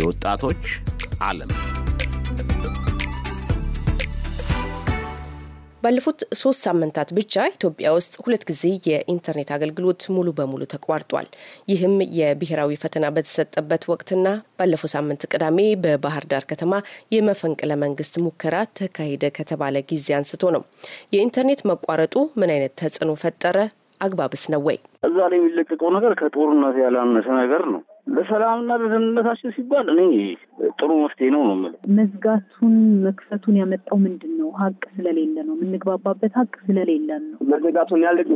የወጣቶች ዓለም ባለፉት ሶስት ሳምንታት ብቻ ኢትዮጵያ ውስጥ ሁለት ጊዜ የኢንተርኔት አገልግሎት ሙሉ በሙሉ ተቋርጧል። ይህም የብሔራዊ ፈተና በተሰጠበት ወቅትና ባለፈው ሳምንት ቅዳሜ በባህር ዳር ከተማ የመፈንቅለ መንግስት ሙከራ ተካሄደ ከተባለ ጊዜ አንስቶ ነው። የኢንተርኔት መቋረጡ ምን አይነት ተጽዕኖ ፈጠረ? አግባብስ ነው ወይ? እዛ ላይ የሚለቀቀው ነገር ከጦርነት ያላነሰ ነገር ነው። ለሰላምና ለደህንነታችን ሲባል እኔ ጥሩ መፍትሄ ነው ነው የምልህ። መዝጋቱን መክፈቱን ያመጣው ምንድን ነው? ሀቅ ስለሌለ ነው። የምንግባባበት ሀቅ ስለሌለ ነው። መዘጋቱን ያልግ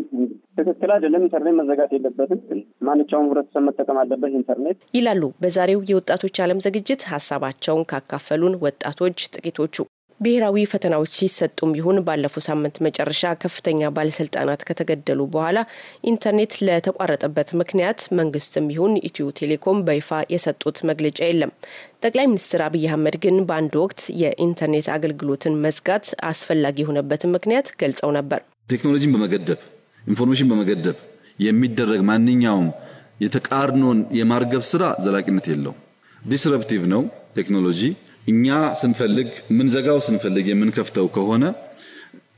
ትክክል አይደለም። ኢንተርኔት መዘጋት የለበትም። ማንኛውም ህብረተሰብ መጠቀም አለበት ኢንተርኔት ይላሉ። በዛሬው የወጣቶች አለም ዝግጅት ሀሳባቸውን ካካፈሉን ወጣቶች ጥቂቶቹ። ብሔራዊ ፈተናዎች ሲሰጡም ይሁን ባለፈው ሳምንት መጨረሻ ከፍተኛ ባለስልጣናት ከተገደሉ በኋላ ኢንተርኔት ለተቋረጠበት ምክንያት መንግስትም ይሁን ኢትዮ ቴሌኮም በይፋ የሰጡት መግለጫ የለም። ጠቅላይ ሚኒስትር አብይ አህመድ ግን በአንድ ወቅት የኢንተርኔት አገልግሎትን መዝጋት አስፈላጊ የሆነበትን ምክንያት ገልጸው ነበር። ቴክኖሎጂን በመገደብ ኢንፎርሜሽን በመገደብ የሚደረግ ማንኛውም የተቃርኖን የማርገብ ስራ ዘላቂነት የለው፣ ዲስረፕቲቭ ነው ቴክኖሎጂ እኛ ስንፈልግ ምንዘጋው ስንፈልግ የምንከፍተው ከሆነ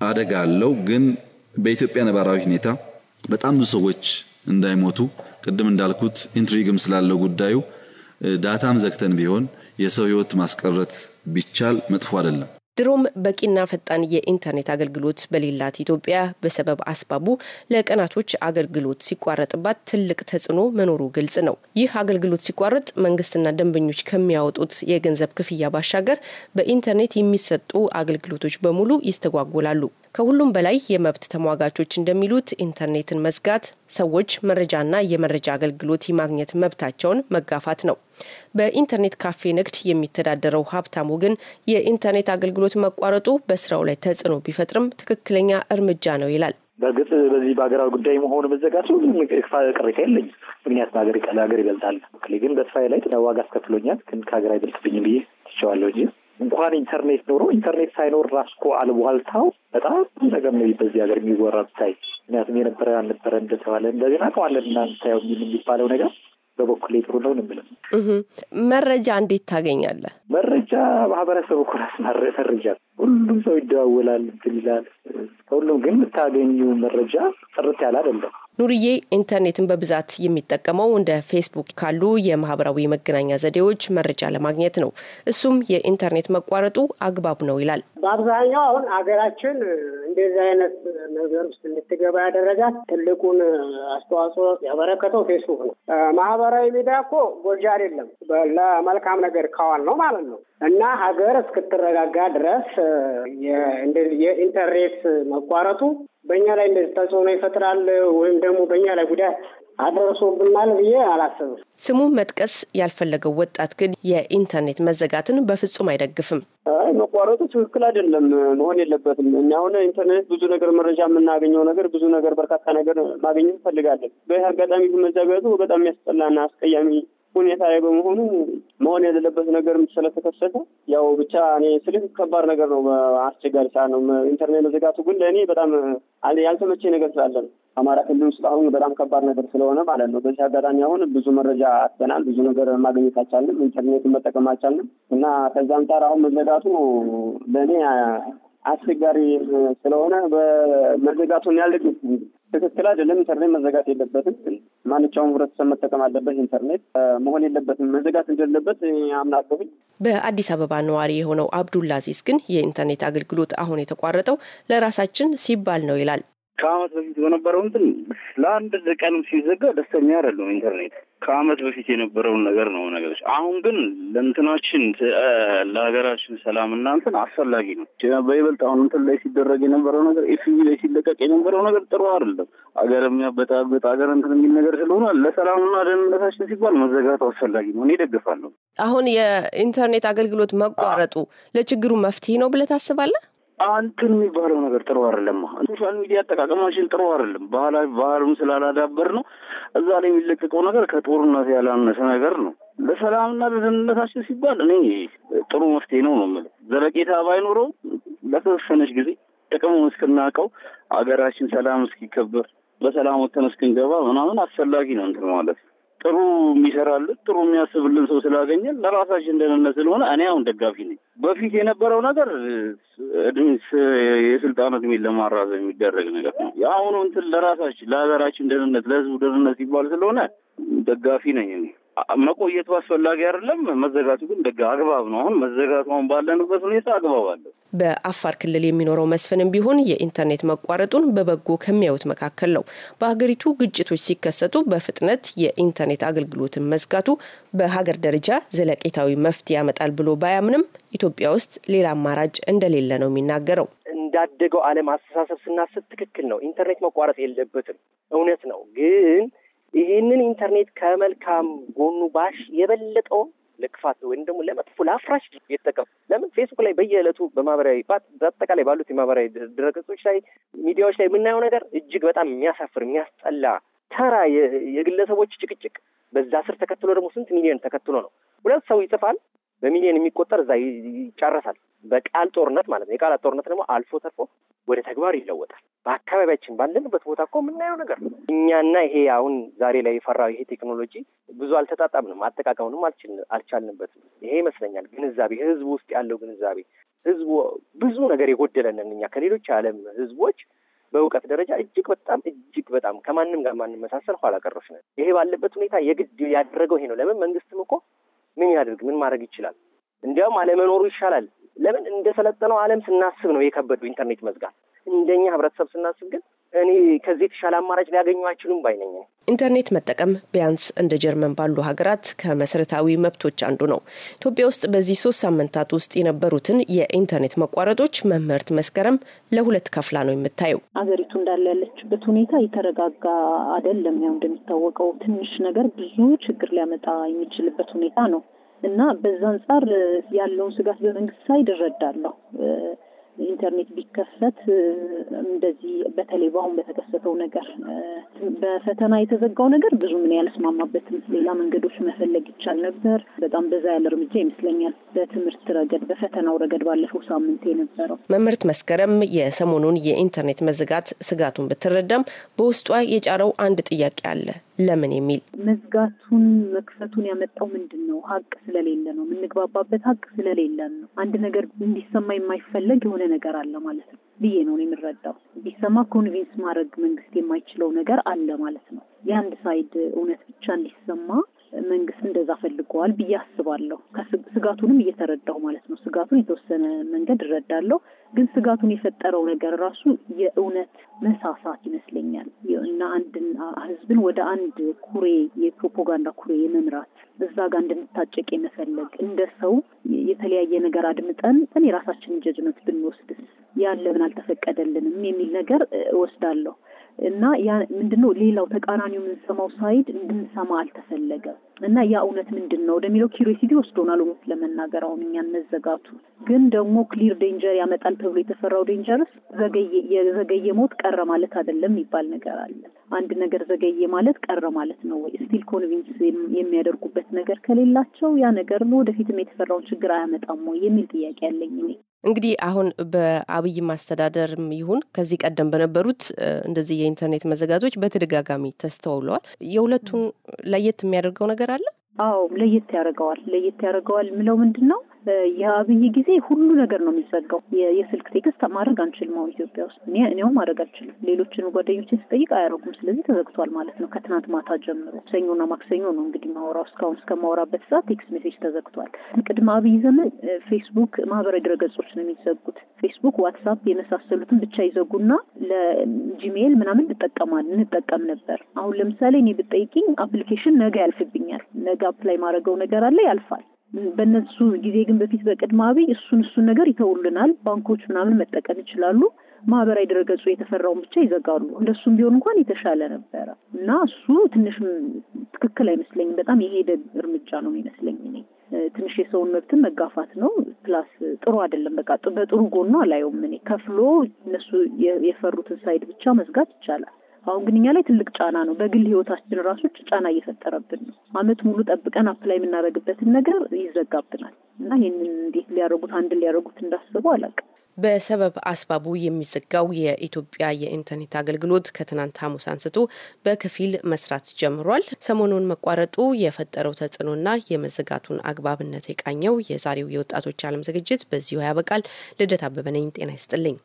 አደጋ አለው። ግን በኢትዮጵያ ነባራዊ ሁኔታ በጣም ብዙ ሰዎች እንዳይሞቱ ቅድም እንዳልኩት ኢንትሪግም ስላለው ጉዳዩ ዳታም ዘግተን ቢሆን የሰው ሕይወት ማስቀረት ቢቻል መጥፎ አይደለም። ድሮም በቂና ፈጣን የኢንተርኔት አገልግሎት በሌላት ኢትዮጵያ በሰበብ አስባቡ ለቀናቶች አገልግሎት ሲቋረጥባት ትልቅ ተጽዕኖ መኖሩ ግልጽ ነው። ይህ አገልግሎት ሲቋረጥ መንግስትና ደንበኞች ከሚያወጡት የገንዘብ ክፍያ ባሻገር በኢንተርኔት የሚሰጡ አገልግሎቶች በሙሉ ይስተጓጎላሉ። ከሁሉም በላይ የመብት ተሟጋቾች እንደሚሉት ኢንተርኔትን መዝጋት ሰዎች መረጃና የመረጃ አገልግሎት የማግኘት መብታቸውን መጋፋት ነው። በኢንተርኔት ካፌ ንግድ የሚተዳደረው ሀብታሙ ግን የኢንተርኔት አገልግሎት መቋረጡ በስራው ላይ ተጽዕኖ ቢፈጥርም ትክክለኛ እርምጃ ነው ይላል። በእርግጥ በዚህ በሀገራዊ ጉዳይ መሆኑ መዘጋቱ ቅሬታ የለኝ። ምክንያቱም ሀገር ይቀል ሀገር ይበልጣል። ግን በስራዬ ላይ ዋጋ አስከፍሎኛል። ግን ከሀገር አይበልጥብኝም ብዬ ትቸዋለሁ እንጂ እንኳን ኢንተርኔት ኖሮ ኢንተርኔት ሳይኖር ራስኮ አልቧልታው በጣም ነገር ነው በዚህ ሀገር የሚወራ ብታይ። ምክንያቱም የነበረ አልነበረ እንደተባለ እንደዜና እናውቀዋለን እናንተ የሚባለው ነገር በበኩሌ ጥሩ ነው የምለው። መረጃ እንዴት ታገኛለህ? መረጃ ማህበረሰብ ኩራስ መረጃ ሁሉም ሰው ይደዋወላል እንትን ይላል። ከሁሉም ግን የምታገኙ መረጃ ጥርት ያለ አደለም ኑርዬ ኢንተርኔትን በብዛት የሚጠቀመው እንደ ፌስቡክ ካሉ የማህበራዊ መገናኛ ዘዴዎች መረጃ ለማግኘት ነው። እሱም የኢንተርኔት መቋረጡ አግባብ ነው ይላል። በአብዛኛው አሁን አገራችን እንደዚህ አይነት ነገር ውስጥ እንድትገባ ያደረጋት ትልቁን አስተዋጽኦ ያበረከተው ፌስቡክ ነው። ማህበራዊ ሚዲያ እኮ ጎጂ አይደለም፣ ለመልካም ነገር ከዋል ነው ማለት ነው እና ሀገር እስክትረጋጋ ድረስ የኢንተርኔት መቋረጡ በእኛ ላይ እንደዚህ ተጽዕኖ ይፈጥራል ወይም ደግሞ በእኛ ላይ ጉዳት አደረሶብናል ብዬ አላስብም። ስሙ መጥቀስ ያልፈለገው ወጣት ግን የኢንተርኔት መዘጋትን በፍጹም አይደግፍም። አይ መቋረጡ ትክክል አይደለም፣ መሆን የለበትም። እኛ አሁን ኢንተርኔት ብዙ ነገር መረጃ የምናገኘው ነገር ብዙ ነገር በርካታ ነገር ማግኘት እንፈልጋለን። በዚህ አጋጣሚ መዘጋቱ በጣም የሚያስጠላና አስቀያሚ ሁኔታ ላይ በመሆኑ መሆን የሌለበት ነገርም ስለተከሰተ ያው ብቻ እኔ ስልክ ከባድ ነገር ነው። አስቸጋሪ ሰዓት ነው። ኢንተርኔት መዘጋቱ ግን ለእኔ በጣም ያልተመቼ ነገር ስላለ ነው። አማራ ክልል ውስጥ አሁን በጣም ከባድ ነገር ስለሆነ ማለት ነው። በዚህ አጋጣሚ አሁን ብዙ መረጃ አጥተናል። ብዙ ነገር ማግኘት አልቻልንም። ኢንተርኔትን መጠቀም አልቻልንም እና ከዛ አንጻር አሁን መዘጋቱ ለእኔ አስቸጋሪ ስለሆነ በመዘጋቱን ያለ ትክክል አይደለም። ኢንተርኔት መዘጋት የለበትም። ማንኛውም ህብረተሰብ መጠቀም አለበት። ኢንተርኔት መሆን የለበትም መዘጋት እንደሌለበት አምናለሁኝ። በአዲስ አበባ ነዋሪ የሆነው አብዱል አዚዝ ግን የኢንተርኔት አገልግሎት አሁን የተቋረጠው ለራሳችን ሲባል ነው ይላል። ከአመት በፊት በነበረው እንትን ለአንድ ቀንም ሲዘጋ ደስተኛ አይደለም ኢንተርኔት። ከአመት በፊት የነበረውን ነገር ነው ነገሮች። አሁን ግን ለእንትናችን ለሀገራችን ሰላም እና እንትን አስፈላጊ ነው። በይበልጥ አሁን እንትን ላይ ሲደረግ የነበረው ነገር ኤፍቪ ላይ ሲለቀቅ የነበረው ነገር ጥሩ አይደለም። አገር የሚያበጣበጥ ሀገር እንትን የሚል ነገር ስለሆነ ለሰላምና ደህንነታችን ሲባል መዘጋቱ አስፈላጊ ነው። እኔ እደግፋለሁ። አሁን የኢንተርኔት አገልግሎት መቋረጡ ለችግሩ መፍትሄ ነው ብለህ ታስባለህ? አንትን የሚባለው ነገር ጥሩ አይደለም። ሶሻል ሚዲያ አጠቃቀማችን ጥሩ አይደለም። ባህላዊ ባህሉን ስላላዳበር ነው። እዛ ላይ የሚለቀቀው ነገር ከጦርነት ያላነሰ ነገር ነው። ለሰላምና ለደህንነታችን ሲባል እኔ ጥሩ መፍትሄ ነው ነው የምልህ። ዘለቄታ ባይኖረው ለተወሰነች ጊዜ ጥቅሙን እስክናውቀው ሀገራችን ሰላም እስኪከበር በሰላም ወተን እስክንገባ ምናምን አስፈላጊ ነው እንትን ማለት ጥሩ የሚሰራልን ጥሩ የሚያስብልን ሰው ስላገኘን ለራሳችን ደህንነት ስለሆነ እኔ አሁን ደጋፊ ነኝ። በፊት የነበረው ነገር የስልጣን እድሜን ለማራዘ የሚደረግ ነገር ነው። የአሁኑ እንትን ለራሳችን ለሀገራችን ደህንነት፣ ለህዝቡ ደህንነት ሲባል ስለሆነ ደጋፊ ነኝ እኔ። መቆየቱ አስፈላጊ አይደለም፣ መዘጋቱ ግን ደጋ አግባብ ነው። አሁን መዘጋቱ አሁን ባለንበት ሁኔታ አግባብ አለው። በአፋር ክልል የሚኖረው መስፍንም ቢሆን የኢንተርኔት መቋረጡን በበጎ ከሚያዩት መካከል ነው። በሀገሪቱ ግጭቶች ሲከሰቱ በፍጥነት የኢንተርኔት አገልግሎትን መዝጋቱ በሀገር ደረጃ ዘለቄታዊ መፍትሄ ያመጣል ብሎ ባያምንም ኢትዮጵያ ውስጥ ሌላ አማራጭ እንደሌለ ነው የሚናገረው። እንዳደገው ዓለም አስተሳሰብ ስናስብ ትክክል ነው። ኢንተርኔት መቋረጥ የለበትም፣ እውነት ነው። ግን ይህንን ኢንተርኔት ከመልካም ጎኑ ባሽ የበለጠውን። ለክፋት ወይም ደግሞ ለመጥፎ ለአፍራሽ የተጠቀሙ ለምን ፌስቡክ ላይ በየዕለቱ በማህበራዊ በአጠቃላይ ባሉት የማህበራዊ ድረገጾች ላይ ሚዲያዎች ላይ የምናየው ነገር እጅግ በጣም የሚያሳፍር የሚያስጠላ ተራ የግለሰቦች ጭቅጭቅ በዛ ስር ተከትሎ ደግሞ ስንት ሚሊዮን ተከትሎ ነው። ሁለት ሰው ይጽፋል፣ በሚሊዮን የሚቆጠር እዛ ይጨረሳል። በቃል ጦርነት ማለት ነው። የቃላት ጦርነት ደግሞ አልፎ ተርፎ ወደ ተግባር ይለወጣል። በአካባቢያችን ባለንበት ቦታ እኮ የምናየው ነገር እኛና ይሄ አሁን ዛሬ ላይ የፈራው ይሄ ቴክኖሎጂ ብዙ አልተጣጣምንም፣ አጠቃቀምንም አልቻልንበትም። ይሄ ይመስለኛል ግንዛቤ ህዝቡ ውስጥ ያለው ግንዛቤ ህዝቡ ብዙ ነገር የጎደለንን እኛ ከሌሎች የዓለም ህዝቦች በእውቀት ደረጃ እጅግ በጣም እጅግ በጣም ከማንም ጋር ማንመሳሰል ኋላ ቀሮች ነን። ይሄ ባለበት ሁኔታ የግድ ያደረገው ይሄ ነው። ለምን መንግስትም እኮ ምን ያደርግ ምን ማድረግ ይችላል? እንዲያውም አለመኖሩ ይሻላል ለምን እንደ ሰለጠነው ዓለም ስናስብ ነው የከበዱ ኢንተርኔት መዝጋት። እንደኛ ህብረተሰብ ስናስብ ግን እኔ ከዚህ የተሻለ አማራጭ ሊያገኙ አይችሉም ባይነኝ። ኢንተርኔት መጠቀም ቢያንስ እንደ ጀርመን ባሉ ሀገራት ከመሰረታዊ መብቶች አንዱ ነው። ኢትዮጵያ ውስጥ በዚህ ሶስት ሳምንታት ውስጥ የነበሩትን የኢንተርኔት መቋረጦች መምህርት መስከረም ለሁለት ከፍላ ነው የምታየው። አገሪቱ እንዳለ ያለችበት ሁኔታ የተረጋጋ አይደለም። ያው እንደሚታወቀው ትንሽ ነገር ብዙ ችግር ሊያመጣ የሚችልበት ሁኔታ ነው እና በዛ አንጻር ያለውን ስጋት በመንግስት ሳይድ እረዳለሁ። ኢንተርኔት ቢከፈት እንደዚህ በተለይ በአሁን በተከሰተው ነገር በፈተና የተዘጋው ነገር ብዙ ምን ያልስማማበትም ሌላ መንገዶች መፈለግ ይቻል ነበር። በጣም በዛ ያለ እርምጃ ይመስለኛል በትምህርት ረገድ በፈተናው ረገድ ባለፈው ሳምንት የነበረው። መምህርት መስከረም የሰሞኑን የኢንተርኔት መዘጋት ስጋቱን ብትረዳም በውስጧ የጫረው አንድ ጥያቄ አለ። ለምን የሚል መዝጋቱን መክፈቱን ያመጣው ምንድን ነው? ሀቅ ስለሌለ ነው። የምንግባባበት ሀቅ ስለሌለ ነው። አንድ ነገር እንዲሰማ የማይፈለግ የሆነ ነገር አለ ማለት ነው ብዬ ነው የምረዳው። እንዲሰማ ኮንቪንስ ማድረግ መንግስት የማይችለው ነገር አለ ማለት ነው። የአንድ ሳይድ እውነት ብቻ እንዲሰማ መንግስት እንደዛ ፈልገዋል ብዬ አስባለሁ። ስጋቱንም እየተረዳሁ ማለት ነው። ስጋቱን የተወሰነ መንገድ እረዳለሁ። ግን ስጋቱን የፈጠረው ነገር ራሱ የእውነት መሳሳት ይመስለኛል እና አንድን ህዝብን ወደ አንድ ኩሬ የፕሮፓጋንዳ ኩሬ የመምራት እዛ ጋር እንድንታጨቅ የመፈለግ እንደ ሰው የተለያየ ነገር አድምጠን የራሳችንን ጀጅመንት ብንወስድስ ያለምን አልተፈቀደልንም የሚል ነገር እወስዳለሁ። እና ያ ምንድነው ሌላው ተቃራኒው የምንሰማው ሳይድ እንድንሰማ አልተፈለገም። እና ያ እውነት ምንድን ነው ወደሚለው ኪሪሲቲ ወስዶናል። እውነት ለመናገር አሁን እኛ መዘጋቱ ግን ደግሞ ክሊር ዴንጀር ያመጣል ተብሎ የተፈራው ዴንጀርስ የዘገየ ሞት ቀረ ማለት አይደለም የሚባል ነገር አለ። አንድ ነገር ዘገየ ማለት ቀረ ማለት ነው ወይ? ስቲል ኮንቪንስ የሚያደርጉበት ነገር ከሌላቸው ያ ነገር ነው ወደፊትም የተፈራውን ችግር አያመጣም ወይ የሚል ጥያቄ ያለኝ እኔ እንግዲህ አሁን በአብይም አስተዳደርም ይሁን ከዚህ ቀደም በነበሩት እንደዚህ የኢንተርኔት መዘጋቶች በተደጋጋሚ ተስተውለዋል። የሁለቱን ለየት የሚያደርገው ነገር አለ? አዎ ለየት ያደርገዋል። ለየት ያደርገዋል ምለው ምንድን ነው የአብይ ጊዜ ሁሉ ነገር ነው የሚዘጋው። የስልክ ቴክስት ማድረግ አንችልም። አሁን ኢትዮጵያ ውስጥ እኔ እኔውም ማድረግ አልችልም። ሌሎችን ጓደኞች ስጠይቅ አያረጉም። ስለዚህ ተዘግቷል ማለት ነው። ከትናንት ማታ ጀምሮ ሰኞና ማክሰኞ ነው እንግዲህ ማወራው። እስካሁን እስከማወራበት ሰዓት ቴክስት ሜሴጅ ተዘግቷል። ቅድመ አብይ ዘመን ፌስቡክ፣ ማህበራዊ ድረገጾች ነው የሚዘጉት። ፌስቡክ፣ ዋትሳፕ የመሳሰሉትን ብቻ ይዘጉና ለጂሜይል ምናምን እንጠቀማል እንጠቀም ነበር። አሁን ለምሳሌ እኔ ብጠይቅኝ አፕሊኬሽን ነገ ያልፍብኛል። ነገ አፕላይ ማድረገው ነገር አለ ያልፋል። በእነሱ ጊዜ ግን በፊት በቅድመ አብይ እሱን እሱን ነገር ይተውልናል። ባንኮች ምናምን መጠቀም ይችላሉ። ማህበራዊ ድረገጹ የተፈራውን ብቻ ይዘጋሉ። እንደሱም ቢሆን እንኳን የተሻለ ነበረ እና እሱ ትንሽ ትክክል አይመስለኝም። በጣም የሄደ እርምጃ ነው የሚመስለኝ እኔ ትንሽ የሰውን መብትን መጋፋት ነው። ፕላስ ጥሩ አይደለም። በቃ በጥሩ ጎኗ አላየውም እኔ ከፍሎ እነሱ የፈሩትን ሳይድ ብቻ መዝጋት ይቻላል። አሁን ግን እኛ ላይ ትልቅ ጫና ነው። በግል ህይወታችን ራሶች ጫና እየፈጠረብን ነው። አመት ሙሉ ጠብቀን አፕላይ የምናደርግበትን ነገር ይዘጋብናል እና ይህንን እንዴት ሊያደርጉት አንድ ሊያደርጉት እንዳስቡ አላውቅም። በሰበብ አስባቡ የሚዘጋው የኢትዮጵያ የኢንተርኔት አገልግሎት ከትናንት ሐሙስ አንስቶ በከፊል መስራት ጀምሯል። ሰሞኑን መቋረጡ የፈጠረው ተጽዕኖና የመዘጋቱን አግባብነት የቃኘው የዛሬው የወጣቶች ዓለም ዝግጅት በዚሁ ያበቃል። ልደት አበበነኝ ጤና ይስጥልኝ።